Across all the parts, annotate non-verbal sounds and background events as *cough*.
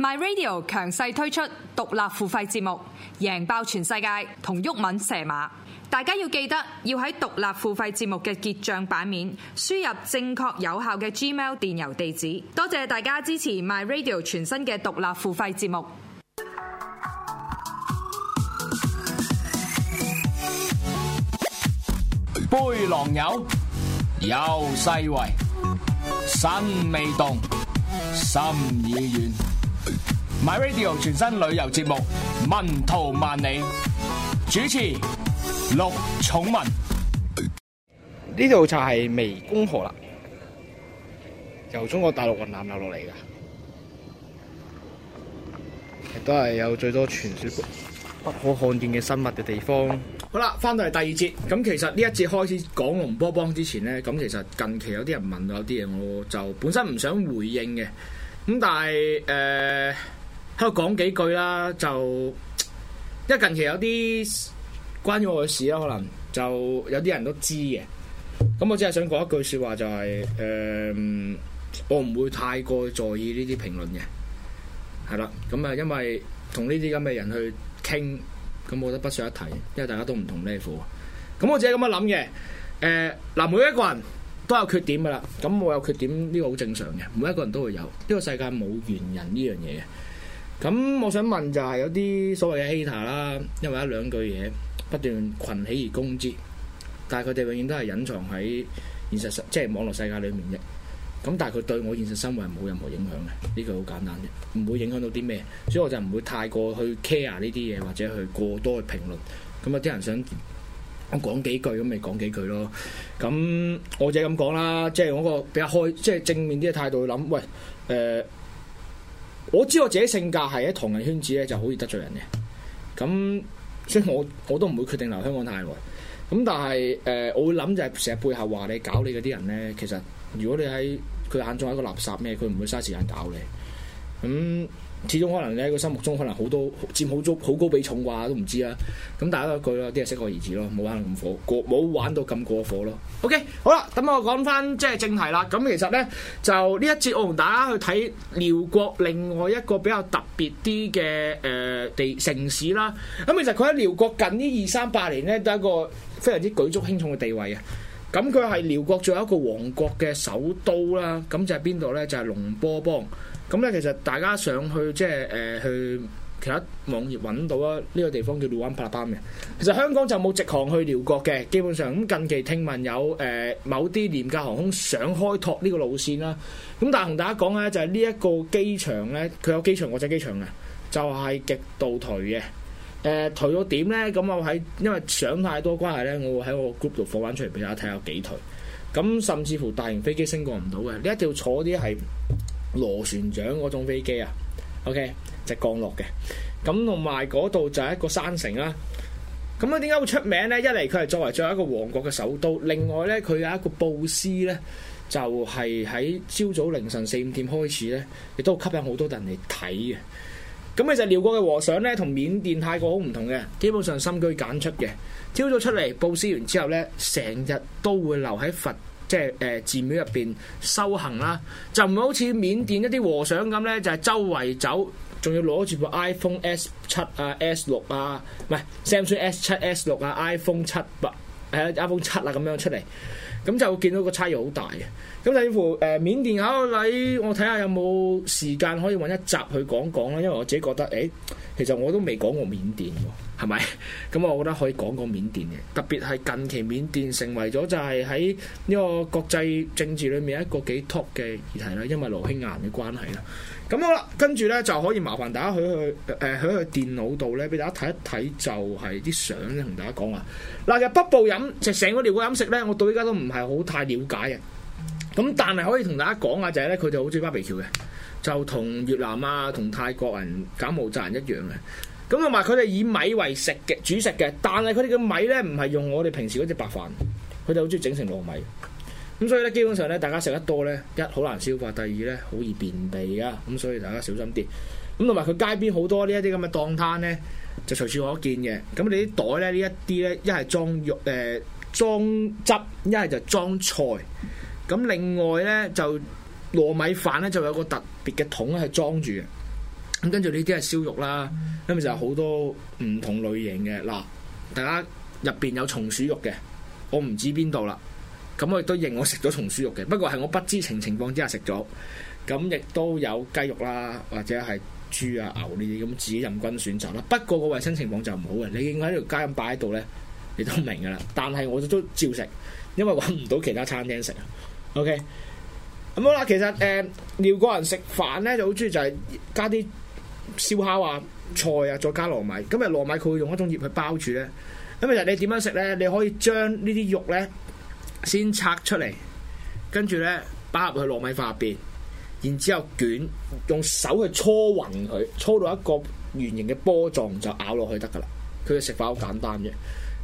My Radio 強勢推出獨立付費節目，贏爆全世界同毓民射馬。大家要記得要喺獨立付費節目嘅結賬版面輸入正確有效嘅 Gmail 電郵地址。多謝大家支持 My Radio 全新嘅獨立付費節目。龍坡邦世遺，身未動，心已遠。My Radio 全新旅遊節目《文圖萬里》，主持陸寵文。呢度就係湄公河啦，由中國大陸雲南流落嚟噶，亦都係有最多傳說不可看見嘅生物嘅地方。好啦，翻到嚟第二節，咁其實呢一節開始講龍坡邦之前呢，咁其實近期有啲人問到有啲嘢，我就本身唔想回應嘅。咁但係誒，喺度講幾句啦，就因為近期有啲關於我嘅事啦，可能就有啲人都知嘅。咁我只係想講一句說話，就是，就係誒，我唔會太過在意呢啲評論嘅。係啦，咁啊，因為同呢啲咁嘅人去傾，咁我覺得不值一提，因為大家都唔同 level。咁我只係咁樣諗嘅。誒，嗱，每一個人。都有缺點噶啦，咁我有缺點呢個好正常嘅，每一個人都會有，呢個世界冇完人呢樣嘢嘅。咁我想問就係有啲所謂嘅 hater 啦，因為一兩句嘢不斷群起而攻之，但係佢哋永遠都係隱藏喺現實即係網絡世界裡面嘅。咁但係佢對我現實生活係冇任何影響嘅，呢句好簡單嘅，唔會影響到啲咩，所以我就唔會太過去 care 呢啲嘢或者去過多去評論。咁有啲人想。我講幾句咁咪講幾句咯。咁我就係咁講啦，即係我個比較開，即係正面啲嘅態度去諗。喂，誒、呃，我知我自己性格係喺唐人圈子咧就好易得罪人嘅。咁所以我我都唔會決定留香港太耐。咁但係誒、呃，我會諗就係成日背後話你搞你嗰啲人咧。其實如果你喺佢眼中係一個垃圾咩，佢唔會嘥時間搞你。咁始終可能你喺個心目中可能好多佔好足好高比重，啩都唔知啦，咁大家都係一句咯，啲人適可而止咯，冇玩咁火過，冇玩到咁過火咯。OK，好啦，咁我講翻即係正題啦。咁其實咧就呢一節我同大家去睇寮國另外一個比較特別啲嘅誒地城市啦。咁其實佢喺寮國近呢二三百年咧都係一個非常之舉足輕重嘅地位啊。咁佢係遼國最後一個王國嘅首都啦，咁就喺邊度咧？就係龍坡邦。咁咧，其實大家想去即係誒去其他網頁揾到啊，呢個地方叫魯安帕拉邦嘅。其實香港就冇直航去遼國嘅，基本上咁，近期聽聞有誒某啲廉價航空想開拓呢個路線啦。咁但係同大家講咧，就係呢一個機場咧，佢有機場或者機場嘅，就係極度頹嘅。誒退、呃、到點咧？咁我喺因為想太多關係咧，我會喺我個 group 度放翻出嚟俾大家睇下幾退。咁甚至乎大型飛機升降唔到嘅，一定要坐啲係螺旋槳嗰種飛機啊。OK，就降落嘅。咁同埋嗰度就係一個山城啦。咁啊，點解會出名咧？一嚟佢係作為最後一個王國嘅首都，另外咧佢有一個佈施咧，就係喺朝早凌晨四五點開始咧，亦都吸引好多人嚟睇嘅。咁其實寮國嘅和尚咧，同緬甸泰國好唔同嘅，基本上深居簡出嘅，朝早出嚟佈施完之後咧，成日都會留喺佛即係誒、呃、寺廟入邊修行啦，就唔會好似緬甸一啲和尚咁咧，就係、是、周圍走，仲要攞住部 iPhone S 七啊、S 六啊，唔、啊、係 Samsung S 七、S 六啊、iPhone 七八誒 iPhone 七啊咁、啊啊、樣出嚟。咁就見到個差異好大嘅。咁例如誒緬甸考啊，你我睇下有冇時間可以搵一集去講講啦，因為我自己覺得，誒、欸、其實我都未講過緬甸喎，係咪？咁我覺得可以講個緬甸嘅，特別係近期緬甸成為咗就係喺呢個國際政治裏面一個幾 top 嘅議題啦，因為羅興亞嘅關係啦。咁、嗯、好啦，跟住咧就可以麻煩大家去去誒喺佢電腦度咧，俾大家睇一睇，就係啲相咧同大家講啊。嗱，日北部飲就成個寮國飲食咧，我到依家都唔係好太了解嘅。咁但係可以同大家講下就呢，就係咧佢哋好中意芭比橋嘅，就同越南啊、同泰國人、柬埔寨人一樣嘅。咁同埋佢哋以米為食嘅主食嘅，但係佢哋嘅米咧唔係用我哋平時嗰隻白飯，佢哋好中意整成糯米。咁所以咧，基本上咧，大家食得多咧，一好難消化，第二咧好易便秘噶、啊，咁所以大家小心啲。咁同埋佢街邊好多呢一啲咁嘅檔攤咧，就隨處可見嘅。咁你啲袋咧呢一啲咧，一係裝肉誒、呃、裝汁，一係就裝菜。咁另外咧就糯米飯咧就有個特別嘅桶係裝住嘅。咁跟住呢啲係燒肉啦，咁咪就係、是、好多唔同類型嘅嗱。大家入邊有松鼠肉嘅，我唔知邊度啦。咁佢都認我食咗松鼠肉嘅，不過係我不知情情況之下食咗。咁亦都有雞肉啦，或者係豬啊牛呢啲，咁自己任君選擇啦。不過個衛生情況就唔好嘅，你見喺條街咁擺喺度咧，你都明噶啦。但係我都照食，因為搵唔到其他餐廳食。OK，咁好啦，其實誒、呃，寮國人食飯咧就好中意就係加啲燒烤啊菜啊，再加糯米。咁啊糯米佢會用一種葉去包住咧。咁啊，你點樣食咧？你可以將呢啲肉咧。先拆出嚟，跟住咧包入去糯米飯入邊，然之後捲，用手去搓匀佢，搓到一個圓形嘅波狀就咬落去得噶啦。佢嘅食法好簡單啫，誒、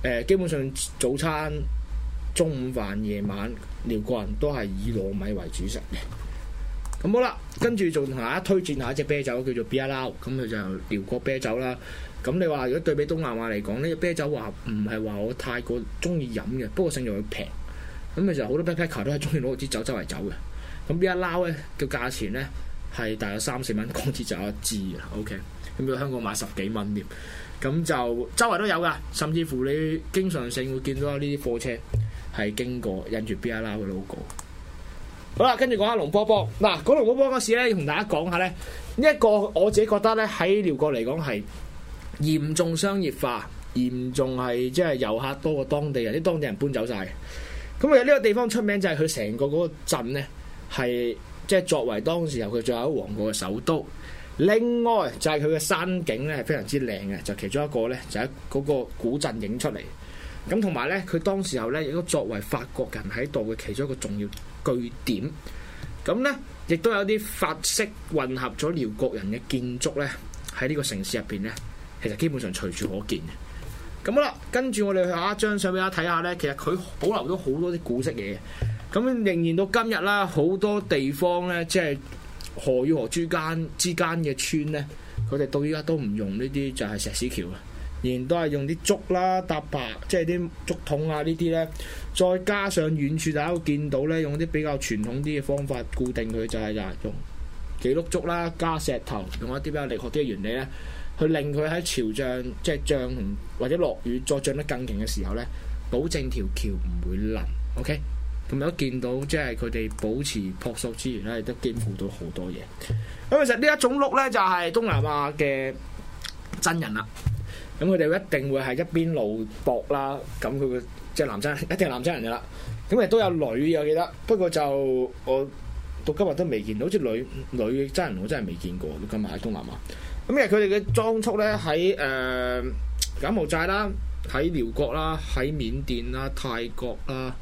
呃，基本上早餐、中午飯、夜晚，寮國人都係以糯米為主食嘅。咁、嗯、好啦，跟住仲同大家推薦下一隻啤酒叫做 Beerlao。咁佢就寮國啤酒啦。咁、嗯、你話如果對比東南亞嚟講，呢、這、隻、個、啤酒話唔係話我太過中意飲嘅，不過勝在佢平。咁其實好多 backpacker 都係中意攞支酒周圍走嘅。咁 B 一撈咧嘅價錢咧係大約三四蚊港紙就一支啦。OK 咁到香港買十幾蚊添，咁就周圍都有㗎。甚至乎你經常性會見到呢啲貨車係經過印住 B 一撈嘅 logo。好啦，跟住講下龍坡邦嗱，講龍坡邦嗰時咧要同大家講下咧，呢、這、一個我自己覺得咧喺寮國嚟講係嚴重商業化，嚴重係即係遊客多過當地人，啲當地人搬走晒。咁啊！有呢個地方出名就係佢成個嗰個鎮呢，係即係作為當時候佢最後一個王國嘅首都。另外就係佢嘅山景呢，係非常之靚嘅。就是、其中一個呢，就喺、是、嗰個古鎮影出嚟。咁同埋呢，佢當時候呢，亦都作為法國人喺度嘅其中一個重要據點。咁呢，亦都有啲法式混合咗寮國人嘅建築呢，喺呢個城市入邊呢，其實基本上隨處可見嘅。咁好啦，跟住、嗯、我哋去下一張相俾大家睇下咧，其實佢保留咗好多啲古式嘢嘅。咁、嗯、仍然到今日啦，好多地方咧，即係河與河之間之間嘅村咧，佢哋到依家都唔用呢啲，就係石屎橋啊，仍然都係用啲竹啦、搭棚，即係啲竹筒啊呢啲咧。再加上遠處大家會見到咧，用啲比較傳統啲嘅方法固定佢，就係、是、用幾碌竹啦加石頭，用一啲比較力學啲嘅原理咧。去令佢喺潮漲，即係漲或者落雨再漲得更勁嘅時候咧，保證條橋唔會冧。OK，咁有見到即係佢哋保持樸素之餘咧，亦都兼顧到好多嘢。咁其實呢一種碌咧，就係東南亞嘅真人啦。咁佢哋一定會係一邊露膊啦。咁佢嘅即係男真一定係男真人噶啦。咁亦都有女，嘅，我記得。不過就我到今日都未見到，好似女女嘅真人我真係未見過。咁今日喺東南亞。咁因為佢哋嘅裝束咧，喺誒柬埔寨啦，喺寮國啦，喺緬甸啦、泰國啦，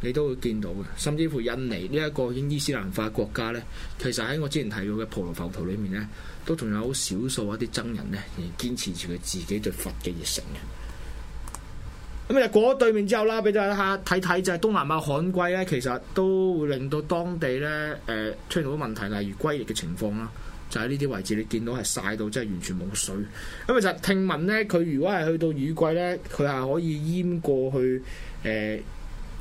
你都會見到嘅。甚至乎印尼呢一個英伊斯蘭化國家咧，其實喺我之前提到嘅婆羅浮屠裏面咧，都仲有少數一啲僧人咧，而堅持住佢自己對佛嘅熱誠嘅。咁、嗯、啊，過咗對面之後啦，俾大家睇睇就係東南亞旱季咧，其實都會令到當地咧誒、呃、出現好多問題，例如龜裂嘅情況啦。就喺呢啲位置，你見到係晒到，真係完全冇水。咁其實聽聞咧，佢如果係去到雨季咧，佢係可以淹過去。誒、呃，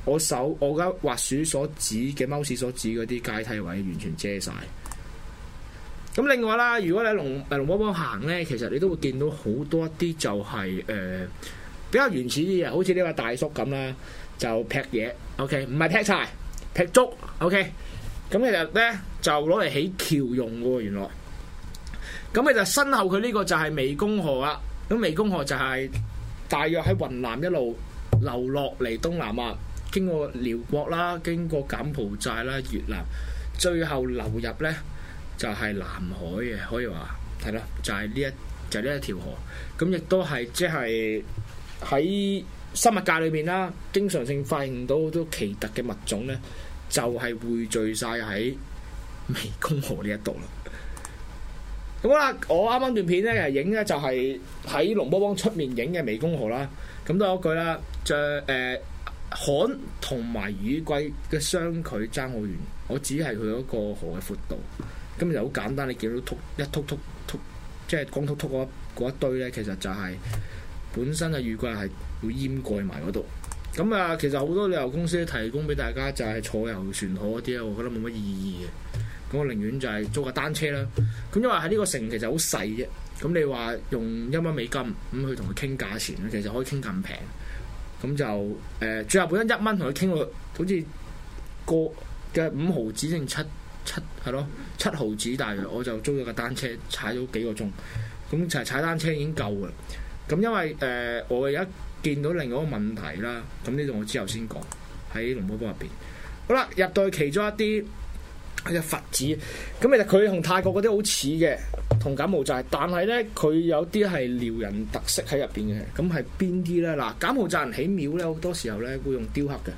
我手我嘅滑鼠所指嘅 mouse 所指嗰啲階梯位，完全遮晒。咁另外啦，如果你喺龍龍坡坡行咧，其實你都會見到好多一啲就係、是、誒、呃、比較原始啲嘅，好似呢位大叔咁啦，就劈嘢。OK，唔係劈柴，劈竹。OK，咁其實咧就攞嚟起橋用喎，原來。咁咪就身後佢呢個就係湄公河啦。咁湄公河就係大約喺雲南一路流落嚟東南亞，經過寮國啦，經過柬埔寨啦、越南，最後流入咧就係南海嘅，可以話係咯，就係呢一就呢一條河。咁亦都係即係喺生物界裏邊啦，經常性發現到好多奇特嘅物種咧，就係匯聚晒喺湄公河呢一度啦。咁啦，我啱啱段片咧係影咧就係喺龍坡邦出面影嘅湄公河啦。咁多咗句啦，著誒旱同埋雨季嘅相距爭好遠。我只係佢嗰個河嘅闊度，咁就好簡單。你見到突一突突突，即係光突突嗰一堆咧，其實就係本身嘅雨季係會淹蓋埋嗰度。咁啊，其實好多旅遊公司都提供俾大家就係、係、坐遊船河啲咧，我覺得冇乜意義嘅。我寧願就係租架單車啦，咁因為喺呢個城其實好細啫，咁你話用一蚊美金咁去同佢傾價錢其實可以傾咁平，咁就誒、呃、最後本身一蚊同佢傾到好似個嘅五毫子定七七係咯，七毫子大約，但係我就租咗架單車踩咗幾個鐘，咁就係踩單車已經夠嘅，咁因為誒、呃、我而家見到另外一個問題啦，咁呢度我之後先講喺龍坡邦入邊，好啦，入到去其中一啲。佢嘅佛寺，咁其實佢同泰國嗰啲好似嘅，同柬埔寨，但係咧佢有啲係寮人特色喺入邊嘅，咁係邊啲咧？嗱，柬埔寨人起廟咧，好多時候咧會用雕刻嘅，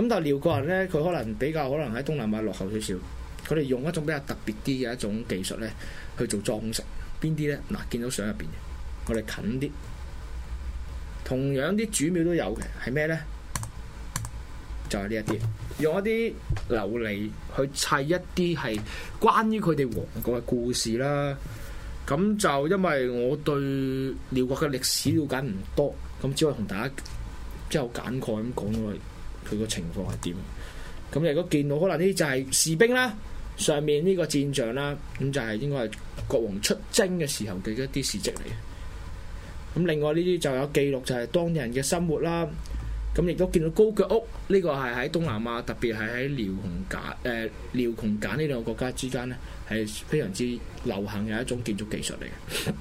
咁但係寮國人咧，佢可能比較可能喺東南亞落後少少，佢哋用一種比較特別啲嘅一種技術咧去做裝飾，邊啲咧？嗱，見到相入邊嘅，我哋近啲，同樣啲主廟都有嘅，係咩咧？就係呢一啲，用一啲琉璃去砌一啲係關於佢哋王國嘅故事啦。咁就因為我對寮國嘅歷史瞭解唔多，咁只可以同大家即係好簡概咁講咗佢個情況係點。咁你如果見到可能呢啲就係士兵啦，上面呢個戰象啦，咁就係應該係國王出征嘅時候嘅一啲事蹟嚟嘅。咁另外呢啲就有記錄就係當地人嘅生活啦。咁亦都見到高腳屋呢個係喺東南亞，特別係喺寮紅柬、誒寮紅柬呢兩個國家之間咧，係非常之流行嘅一種建築技術嚟嘅。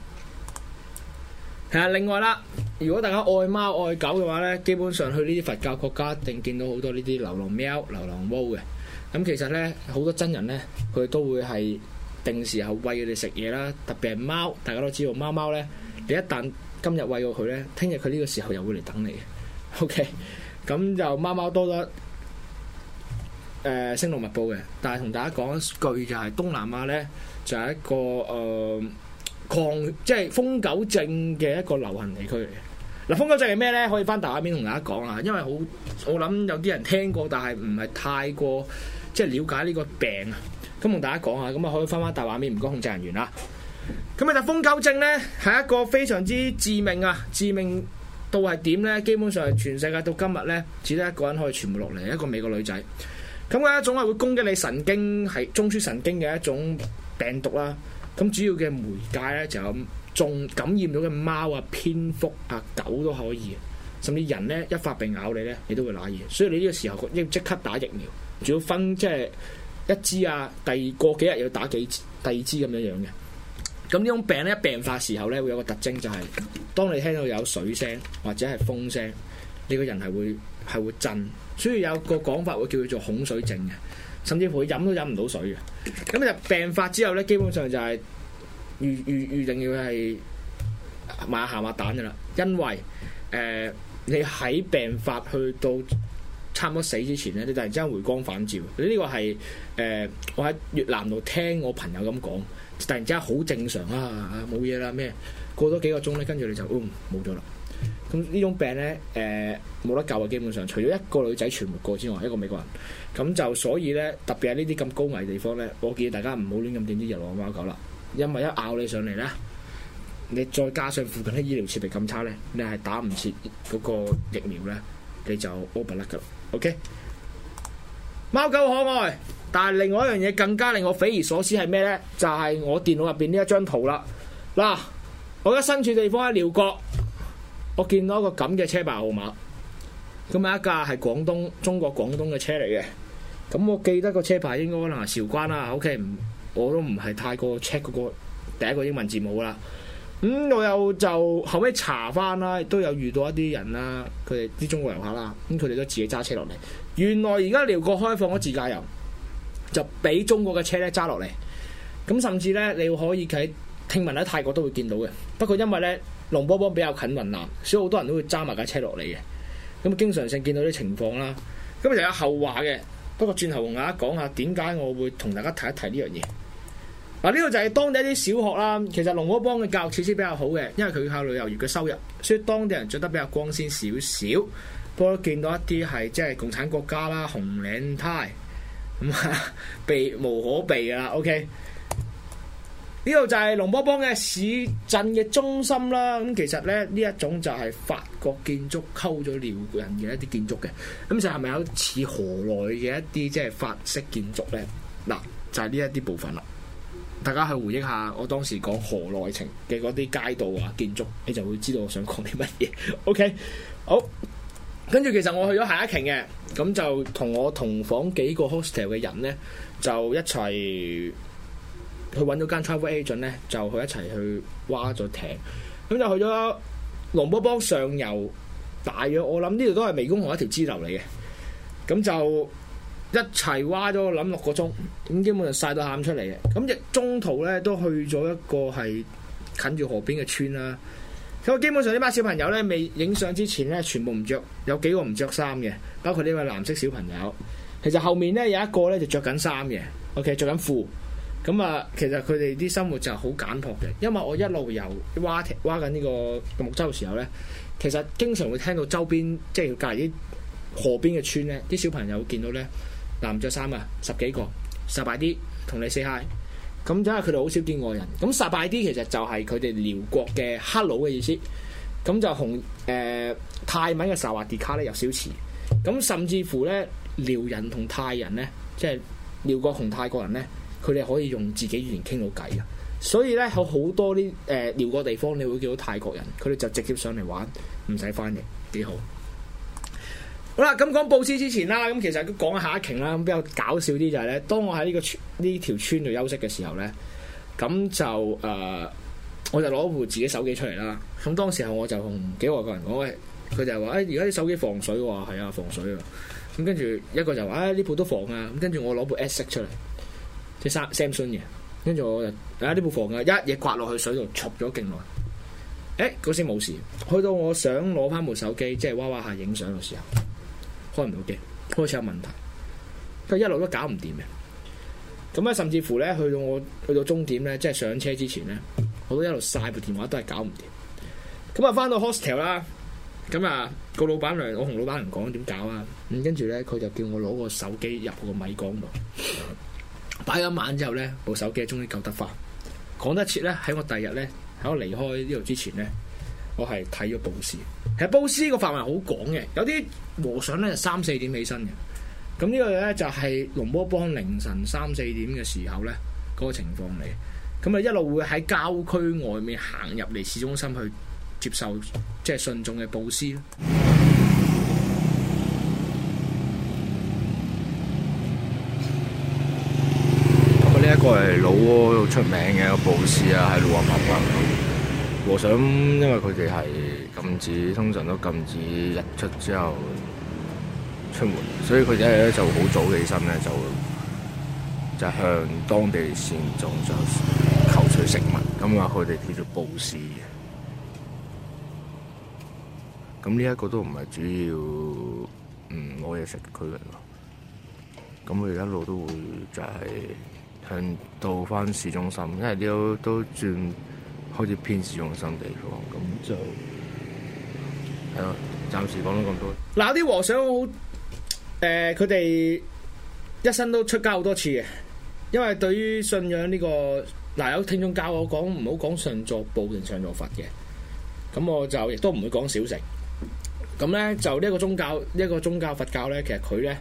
係啊，另外啦，如果大家愛貓愛狗嘅話咧，基本上去呢啲佛教國家一定見到好多呢啲流浪貓、流浪貓嘅。咁其實咧，好多僧人咧，佢都會係定時候餵佢哋食嘢啦。特別係貓，大家都知道貓貓咧，你一旦今日餵過佢咧，聽日佢呢個時候又會嚟等你。OK，咁就貓貓多得誒、呃、星露密報嘅，但係同大家講一句就係東南亞咧就係、是、一個誒狂、呃、即係瘋狗症嘅一個流行地區嚟嘅。嗱、啊，瘋狗症係咩咧？可以翻大畫面同大家講啊，因為好我諗有啲人聽過，但係唔係太過即係了解呢個病啊。咁同大家講下，咁啊可以翻翻大畫面，唔該控制人員啦。咁啊，就瘋狗症咧係一個非常之致命啊，致命。到係點咧？基本上係全世界到今日咧，只得一個人可以傳播落嚟，一個美國女仔。咁佢一種係會攻擊你神經係中樞神經嘅一種病毒啦。咁、嗯、主要嘅媒介咧就有中感染到嘅貓啊、蝙蝠啊、狗都可以，甚至人咧一發病咬你咧，你都會瀨嘢。所以你呢個時候要即刻打疫苗，仲要分即係、就是、一支啊，第二過幾日要打幾支第二支咁樣樣嘅。咁呢種病咧，一病發時候咧，會有個特徵就係、是，當你聽到有水聲或者係風聲，你個人係會係會震，所以有個講法會叫佢做恐水症嘅，甚至乎佢飲都飲唔到水嘅。咁就病發之後咧，基本上就係預預預定要係賣鹹鴨蛋噶啦，因為誒、呃、你喺病發去到差唔多死之前咧，你突然之間回光返照，你、這、呢個係誒、呃、我喺越南度聽我朋友咁講。突然之間好正常啊，冇嘢啦咩？過咗幾個鐘咧，跟住你就嗯冇咗啦。咁呢種病咧，誒、呃、冇得救啊！基本上除咗一個女仔存活過之外，一個美國人。咁就所以咧，特別係呢啲咁高危地方咧，我建議大家唔好亂咁點啲流浪貓狗啦，因為一咬你上嚟咧，你再加上附近啲醫療設備咁差咧，你係打唔切嗰個疫苗咧，你就屙白甩㗎啦。OK，貓狗可愛。但係另外一樣嘢更加令我匪夷所思係咩咧？就係、是、我電腦入邊呢一張圖啦。嗱，我而家身處地方喺寮國，我見到一個咁嘅車牌號碼，咁有一架係廣東中國廣東嘅車嚟嘅。咁我記得個車牌應該可能係韶關啦。O K，唔，我都唔係太過 check 嗰個第一個英文字母啦。咁、嗯、我又就後尾查翻啦，都有遇到一啲人啦，佢哋啲中國人客啦，咁佢哋都自己揸車落嚟。原來而家寮國開放咗自駕遊。就俾中國嘅車咧揸落嚟，咁甚至咧你可以喺聽聞喺泰國都會見到嘅。不過因為咧龍坡邦比較近雲南，所以好多人都會揸埋架車落嚟嘅。咁經常性見到啲情況啦。咁就有後話嘅。不過轉頭同大家講下點解我會同大家提一提呢樣嘢。嗱，呢個就係當地一啲小學啦。其實龍坡邦嘅教育設施比較好嘅，因為佢靠旅遊業嘅收入，所以當地人著得比較光鮮少少。不過都見到一啲係即係共產國家啦，紅領帶。避無可避噶啦，OK。呢度就係龍坡邦嘅市鎮嘅中心啦。咁其實咧呢一種就係法國建築溝咗寮人嘅一啲建築嘅。咁就係咪有似河內嘅一啲即係法式建築咧？嗱，就係呢一啲部分啦。大家去回憶下我當時講河內情嘅嗰啲街道啊建築，你就會知道我想講啲乜嘢。OK，好。跟住其實我去咗下一艇嘅，咁就同我同房幾個 hostel 嘅人咧，就一齊去揾咗間 travel agent 咧，就去一齊去挖咗艇，咁就去咗龍坡邦上游大約我，我諗呢度都係湄公河一條支流嚟嘅，咁就一齊挖咗諗六個鐘，咁基本上晒到喊出嚟嘅，咁就中途咧都去咗一個係近住河邊嘅村啦。咁基本上呢班小朋友咧未影相之前咧，全部唔着，有幾個唔着衫嘅，包括呢位藍色小朋友。其實後面咧有一個咧就着緊衫嘅，OK 着緊褲。咁、嗯、啊，其實佢哋啲生活就好簡朴嘅。因為我一路游挖劃緊呢個木舟嘅時候咧，其實經常會聽到周邊即係要隔籬啲河邊嘅村咧，啲小朋友會見到咧，藍着衫啊十幾個，十敗啲同你 say hi。咁因為佢哋好少見外人，咁沙拜啲其實就係佢哋寮國嘅 hello 嘅意思，咁就同誒泰文嘅沙華迪卡咧有少似。咁甚至乎咧寮人同泰人咧，即係寮國同泰國人咧，佢哋可以用自己語言傾到偈啊！所以咧有好多啲誒寮國地方，你會見到泰國人，佢哋就直接上嚟玩，唔使翻譯，幾好。好啦，咁講報紙之前啦，咁其實都講下下一瓊啦，咁比較搞笑啲就係、是、咧，當我喺呢個呢條村度休息嘅時候咧，咁就誒、呃，我就攞部自己手機出嚟啦。咁當時候我就同幾個外國人講，喂，佢就係話，誒、哎，而家啲手機防水喎，係啊，防水啊。咁跟住一個就話，誒、哎，呢部都防啊。咁跟住我攞部 S6 出嚟，即 Samsung 嘅。跟住我，我就，誒、啊，呢部防啊，一嘢刮落去水度，戳咗勁耐。誒、欸，嗰時冇事。去到我想攞翻部手機，即係嘩嘩下影相嘅時候。開唔到機，開始有問題，佢一路都搞唔掂嘅。咁啊，甚至乎咧，去到我去到終點咧，即係上車之前咧，我都一路晒部電話都係搞唔掂。咁啊，翻到 hostel 啦，咁啊，個老闆娘，我同老闆娘講點搞啊，咁跟住咧，佢就叫我攞個手機入個米缸度，擺咗一晚之後咧，部手機終於救得翻。講得切咧，喺我第二日咧，喺我離開呢度之前咧。我係睇咗布施，其實布施個範圍好廣嘅，有啲和尚咧三四點起身嘅，咁呢個咧就係龍坡邦凌晨三四點嘅時候咧嗰、那個情況嚟，咁啊一路會喺郊區外面行入嚟市中心去接受即係、就是、信眾嘅布施。我呢、嗯這個、一個係老撾好出名嘅布施啊，喺老萬八萬。我想，因為佢哋係禁止，通常都禁止日出之後出門，所以佢哋一日咧就好早起身咧，就就向當地善眾就求取食物。咁啊，佢哋叫做布施。咁呢一個都唔係主要嗯攞嘢食嘅距離囉。咁佢哋一路都會就係向到返市中心，因為呢度都轉。開始偏使用生地方，咁、哦、就係咯，暫時講到咁多。嗱、啊，啲和尚好誒，佢、呃、哋一生都出家好多次嘅，因為對於信仰呢、這個，嗱、啊、有聽眾教我講唔好講上座部定上座佛嘅，咁我就亦都唔會講小乘。咁咧就呢一個宗教，呢、這、一個宗教佛教咧，其實佢咧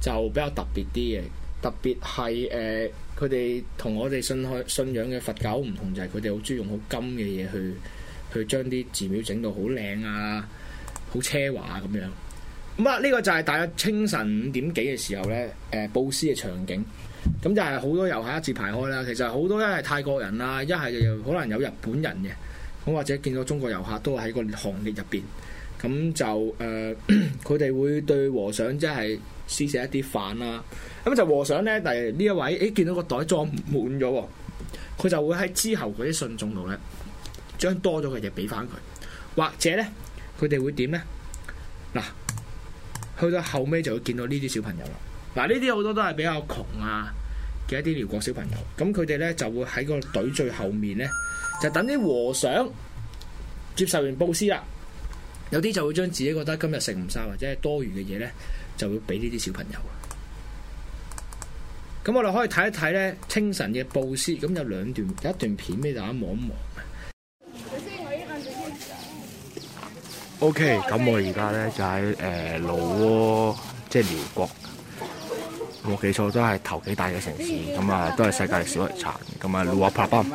就比較特別啲嘅，特別係誒。呃佢哋同我哋信開信仰嘅佛教唔同，就係佢哋好中意用好金嘅嘢去去將啲寺廟整到好靚啊，好奢華咁樣。咁啊，呢個就係大概清晨五點幾嘅時候咧，誒佈施嘅場景。咁就係好多遊客一字排開啦。其實好多一係泰國人啦，一係就可能有日本人嘅，咁或者見到中國遊客都喺個行列入邊。咁就誒，佢、呃、哋會對和尚即係施捨一啲飯啦。咁就和尚咧，但係呢一位，誒、欸、見到個袋裝滿咗，佢就會喺之後嗰啲信眾度咧，將多咗嘅嘢俾翻佢。或者咧，佢哋會點咧？嗱，去到後尾就會見到呢啲小朋友啦。嗱，呢啲好多都係比較窮啊嘅一啲寮國小朋友。咁佢哋咧就會喺個隊最後面咧，就等啲和尚接受完佈施啦。有啲就會將自己覺得今日食唔晒，或者係多餘嘅嘢咧，就會俾呢啲小朋友。咁我哋可以睇一睇咧，清晨嘅布施，咁有兩段，有一段片俾大家望一望。O K，咁我而家咧就喺誒、呃、老撾，即係寮國。我記錯都係頭幾大嘅城市，咁啊都係世界少遺產，咁啊龍坡邦。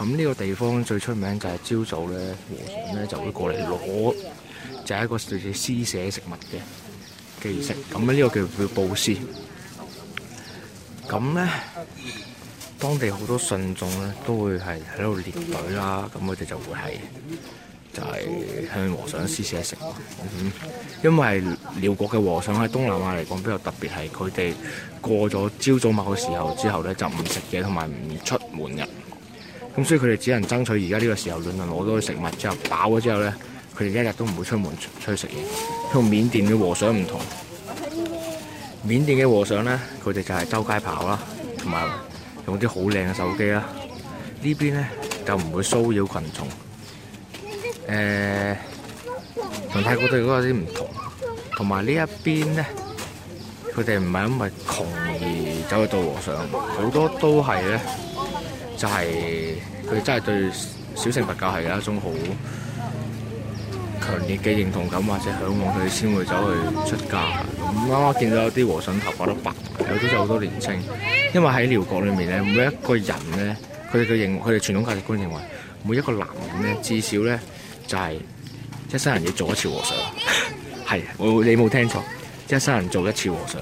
咁呢個地方最出名就係朝早咧，和尚咧就會過嚟攞，就係一個類似施捨食物嘅儀式。咁呢個叫做布施。咁咧，當地好多信眾咧都會係喺度列隊啦。咁佢哋就會係就係、是、向和尚施捨食物。嗯，因為寮國嘅和尚喺東南亞嚟講比較特別，係佢哋過咗朝早某個時候之後咧，就唔食嘢，同埋唔出門嘞。咁所以佢哋只能爭取而家呢個時候，儘量攞到多食物之後飽咗之後咧，佢哋一日都唔會出門出去食嘢。同緬甸嘅和尚唔同，緬甸嘅和尚咧，佢哋就係周街跑啦，同埋用啲好靚嘅手機啦。邊呢邊咧就唔會騷擾群眾。誒、呃，同泰國對嗰有啲唔同，同埋呢一邊咧，佢哋唔係因為窮而走去做和尚，好多都係咧。就係佢真係對小乘佛教係一種好強烈嘅認同感或者嚮往，佢先會走去出家。咁啱啱見到有啲和尚頭髮都白，有啲真係好多年青。因為喺寮國裏面咧，每一個人咧，佢哋嘅認，佢哋傳統價值觀認為，每一個男人咧，至少咧就係一生人要做一次和尚。係，我你冇聽錯，一生人做一次和尚。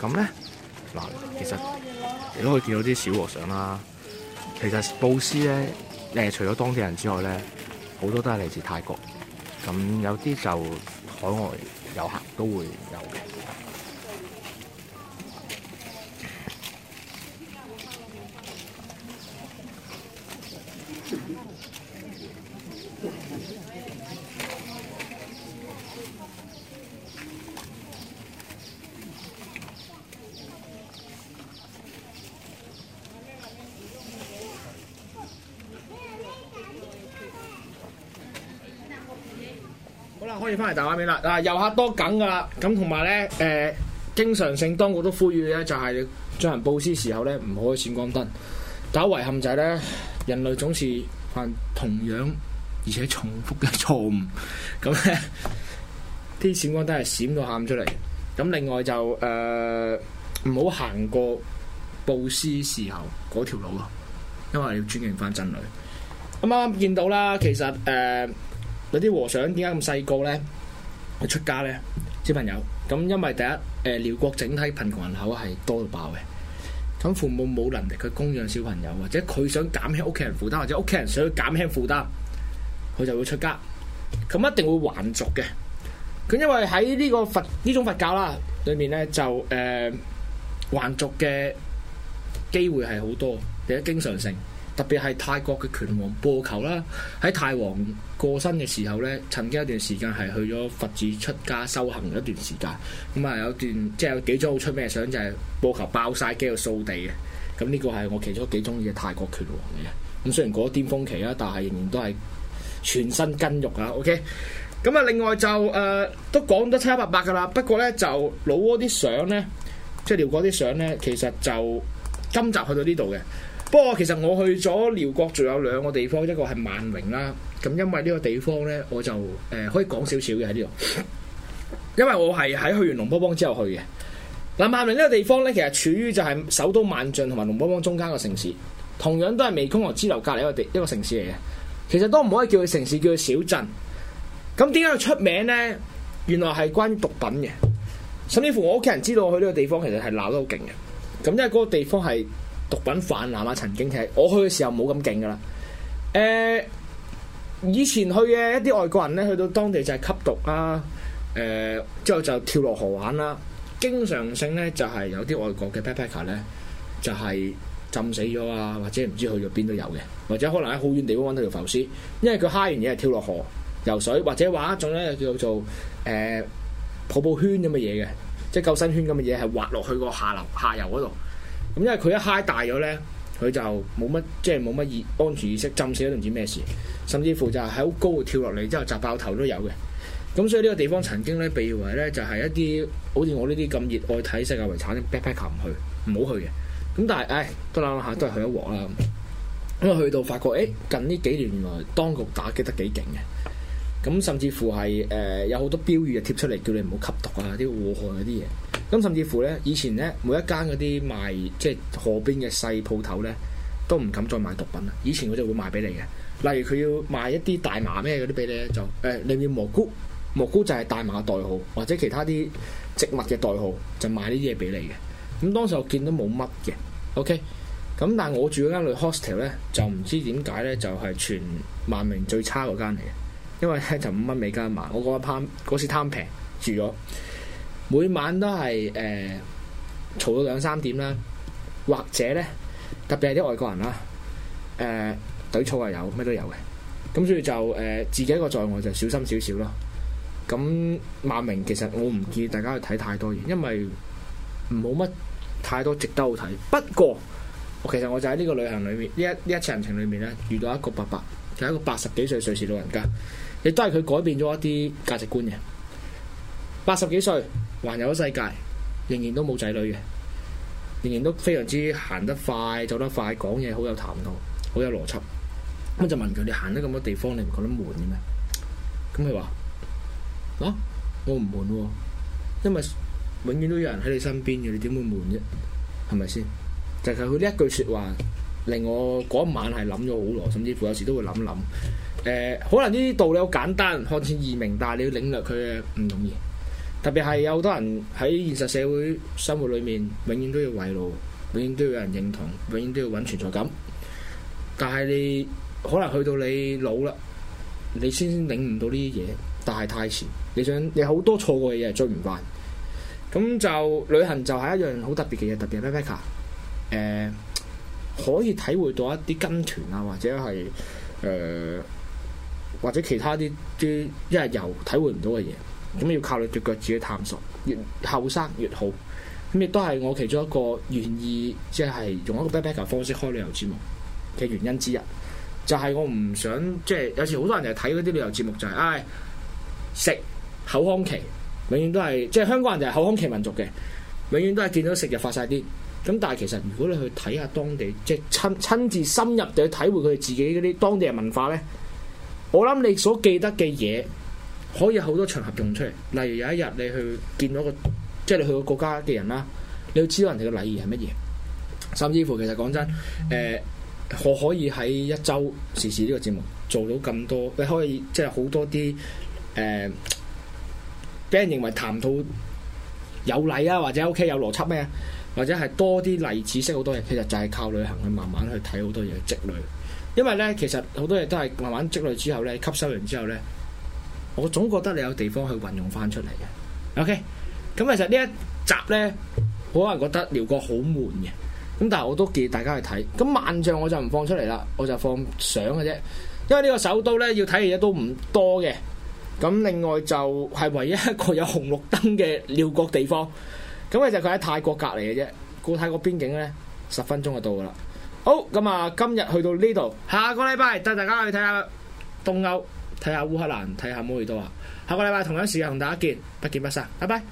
咁咧？其實你都可以見到啲小和尚啦。其實布施咧，誒除咗當地人之外咧，好多都係嚟自泰國。咁有啲就海外遊客都會有嘅。啊！遊客多緊噶啦，咁同埋咧，誒、呃、經常性，當我都呼籲咧，就係進行布施時候咧，唔好開閃光燈。但係遺憾就係咧，人類總是犯同樣而且重複嘅錯誤。咁咧，啲閃光燈係閃到喊出嚟。咁另外就誒，唔好行過布施時候嗰條路咯，因為你要尊敬翻僧侶。咁啱啱見到啦，其實誒、呃、有啲和尚點解咁細個咧？出家呢，小朋友咁，因為第一，誒寮國整體貧窮人口係多到爆嘅，咁父母冇能力去供養小朋友，或者佢想減輕屋企人負擔，或者屋企人想要減輕負擔，佢就會出家，咁一定會還俗嘅。咁因為喺呢個佛呢種佛教啦，裏面呢就誒、呃、還俗嘅機會係好多，第一經常性。特別係泰國嘅拳王波球啦，喺泰王過身嘅時候咧，曾經一段時間係去咗佛寺出家修行一段時間。咁啊有段即係有幾張好出名嘅相就係波球爆晒機去掃地嘅。咁呢個係我其中幾中意嘅泰國拳王嚟嘅。咁雖然過咗巔峰期啦，但係仍然都係全身筋肉啦。OK。咁啊另外就誒、呃、都講得七七八八噶啦，不過咧就老撾啲相咧，即係寮國啲相咧，其實就今集去到呢度嘅。不過其實我去咗寮國，仲有兩個地方，一個係萬榮啦。咁因為呢個地方呢，我就誒、呃、可以講少少嘅喺呢度， *laughs* 因為我係喺去完龍坡邦之後去嘅。嗱、啊，萬榮呢個地方呢，其實處於就係首都萬象同埋龍坡邦中間嘅城市，同樣都係湄公河支流隔籬一個地一個城市嚟嘅。其實都唔可以叫佢城市，叫佢小鎮。咁點解佢出名呢？原來係關於毒品嘅。甚至乎我屋企人知道我去呢個地方，其實係鬧得好勁嘅。咁因為嗰個地方係。毒品泛濫啊！曾經其實我去嘅時候冇咁勁噶啦，誒、呃，以前去嘅一啲外國人咧，去到當地就係吸毒啊，誒、呃，之後就跳落河玩啦、啊。經常性咧就係、是、有啲外國嘅 backpacker 咧，就係、是、浸死咗啊，或者唔知去咗邊都有嘅，或者可能喺好遠地方搵到條浮屍，因為佢 high 完嘢係跳落河游水，或者玩一種咧叫做誒、呃、泡泡圈咁嘅嘢嘅，即係救生圈咁嘅嘢係滑落去個下流下游嗰度。咁因為佢一嗨大咗咧，佢就冇乜即係冇乜意安全意識，浸死都唔知咩事，甚至乎就喺好高跳落嚟之後砸爆頭都有嘅。咁所以呢個地方曾經咧被譽為咧就係一啲好似我呢啲咁熱愛睇世界遺產嘅 backpacker 唔去，唔好去嘅。咁但係唉，都諗諗下都係去一鑊啦。咁啊去到發覺誒近呢幾年原來當局打擊得幾勁嘅。咁甚至乎係誒、呃、有好多標語啊貼出嚟，叫你唔好吸毒啊！啲禍害嗰啲嘢。咁甚至乎咧，以前咧，每一間嗰啲賣即係河邊嘅細鋪頭咧，都唔敢再賣毒品啦。以前佢就會賣俾你嘅。例如佢要賣一啲大麻咩嗰啲俾你咧，就誒、呃、你要蘑菇，蘑菇就係大麻嘅代號，或者其他啲植物嘅代號，就賣呢啲嘢俾你嘅。咁當時我見到冇乜嘅，OK。咁但係我住嗰間旅 hostel 咧，就唔知點解咧，就係、是、全萬寧最差嗰間嚟嘅。因為咧就五蚊美金一晚，我嗰日貪，嗰時貪平住咗，每晚都係誒嘈到兩三點啦，或者咧特別係啲外國人啦，誒，懟嘈啊有，咩都有嘅。咁所以就誒、呃、自己一個在外就小心少少咯。咁馬明其實我唔建議大家去睇太多嘢，因為冇乜太多值得好睇。不過其實我就喺呢個旅行裏面，呢一呢一行程裏面咧遇到一個伯伯。係一個八十幾歲瑞士老人家，亦都係佢改變咗一啲價值觀嘅。八十幾歲，環遊咗世界，仍然都冇仔女嘅，仍然都非常之行得快，走得快，講嘢好有談吐，好有邏輯。咁就問佢：你行得咁多地方，你唔覺得悶嘅咩？咁佢話：啊，我唔悶，因為永遠都有人喺你身邊嘅，你點會悶啫？係咪先？就係佢呢一句説話。令我嗰晚係諗咗好耐，甚至乎有時都會諗諗。誒、呃，可能呢啲道理好簡單，看似易明，但係你要領略佢嘅唔容易。特別係有好多人喺現實社會生活裏面，永遠都要為勞，永遠都要有人認同，永遠都要揾存在感。但係你可能去到你老啦，你先領悟到呢啲嘢。但係太遲，你想你好多錯過嘅嘢係追唔翻。咁就旅行就係一樣好特別嘅嘢，特別係 Maverick 可以體會到一啲跟團啊，或者係誒、呃、或者其他啲啲一日遊體會唔到嘅嘢，咁要靠你隻腳自己探索。越後生越好，咁亦都係我其中一個願意即係、就是、用一個 backpacker 方式開旅遊節目嘅原因之一。就係、是、我唔想即係、就是、有時好多人就睇嗰啲旅遊節目就係、是、唉、哎、食口腔期，永遠都係即係香港人就係口腔期民族嘅，永遠都係見到食就發晒啲。咁但係其實如果你去睇下當地，即係親親自深入地去體會佢哋自己嗰啲當地嘅文化咧，我諗你所記得嘅嘢，可以好多場合用出嚟。例如有一日你去見到個，即係你去個國家嘅人啦，你要知道人哋嘅禮儀係乜嘢。甚至乎其實講真，誒、呃，我可以喺一周時事呢個節目做到咁多，你可以即係好多啲誒，俾、呃、人認為談吐有禮啊，或者 OK 有邏輯咩啊？或者係多啲例子識好多嘢，其實就係靠旅行去慢慢去睇好多嘢積累，因為咧其實好多嘢都係慢慢積累之後咧，吸收完之後咧，我總覺得你有地方去運用翻出嚟嘅。OK，咁、嗯、其實呢一集咧，好多人覺得寮國好悶嘅，咁但係我都建議大家去睇。咁萬象我就唔放出嚟啦，我就放相嘅啫，因為呢個首都咧要睇嘅嘢都唔多嘅。咁另外就係唯一一個有紅綠燈嘅寮國地方。咁啊就佢喺泰國隔籬嘅啫，過泰國邊境咧，十分鐘就到噶啦。好，咁、嗯、啊今日去到呢度，下個禮拜帶大家去睇下東歐，睇下烏克蘭，睇下摩爾多瓦。下個禮拜同樣時間同大家見，不見不散，拜拜。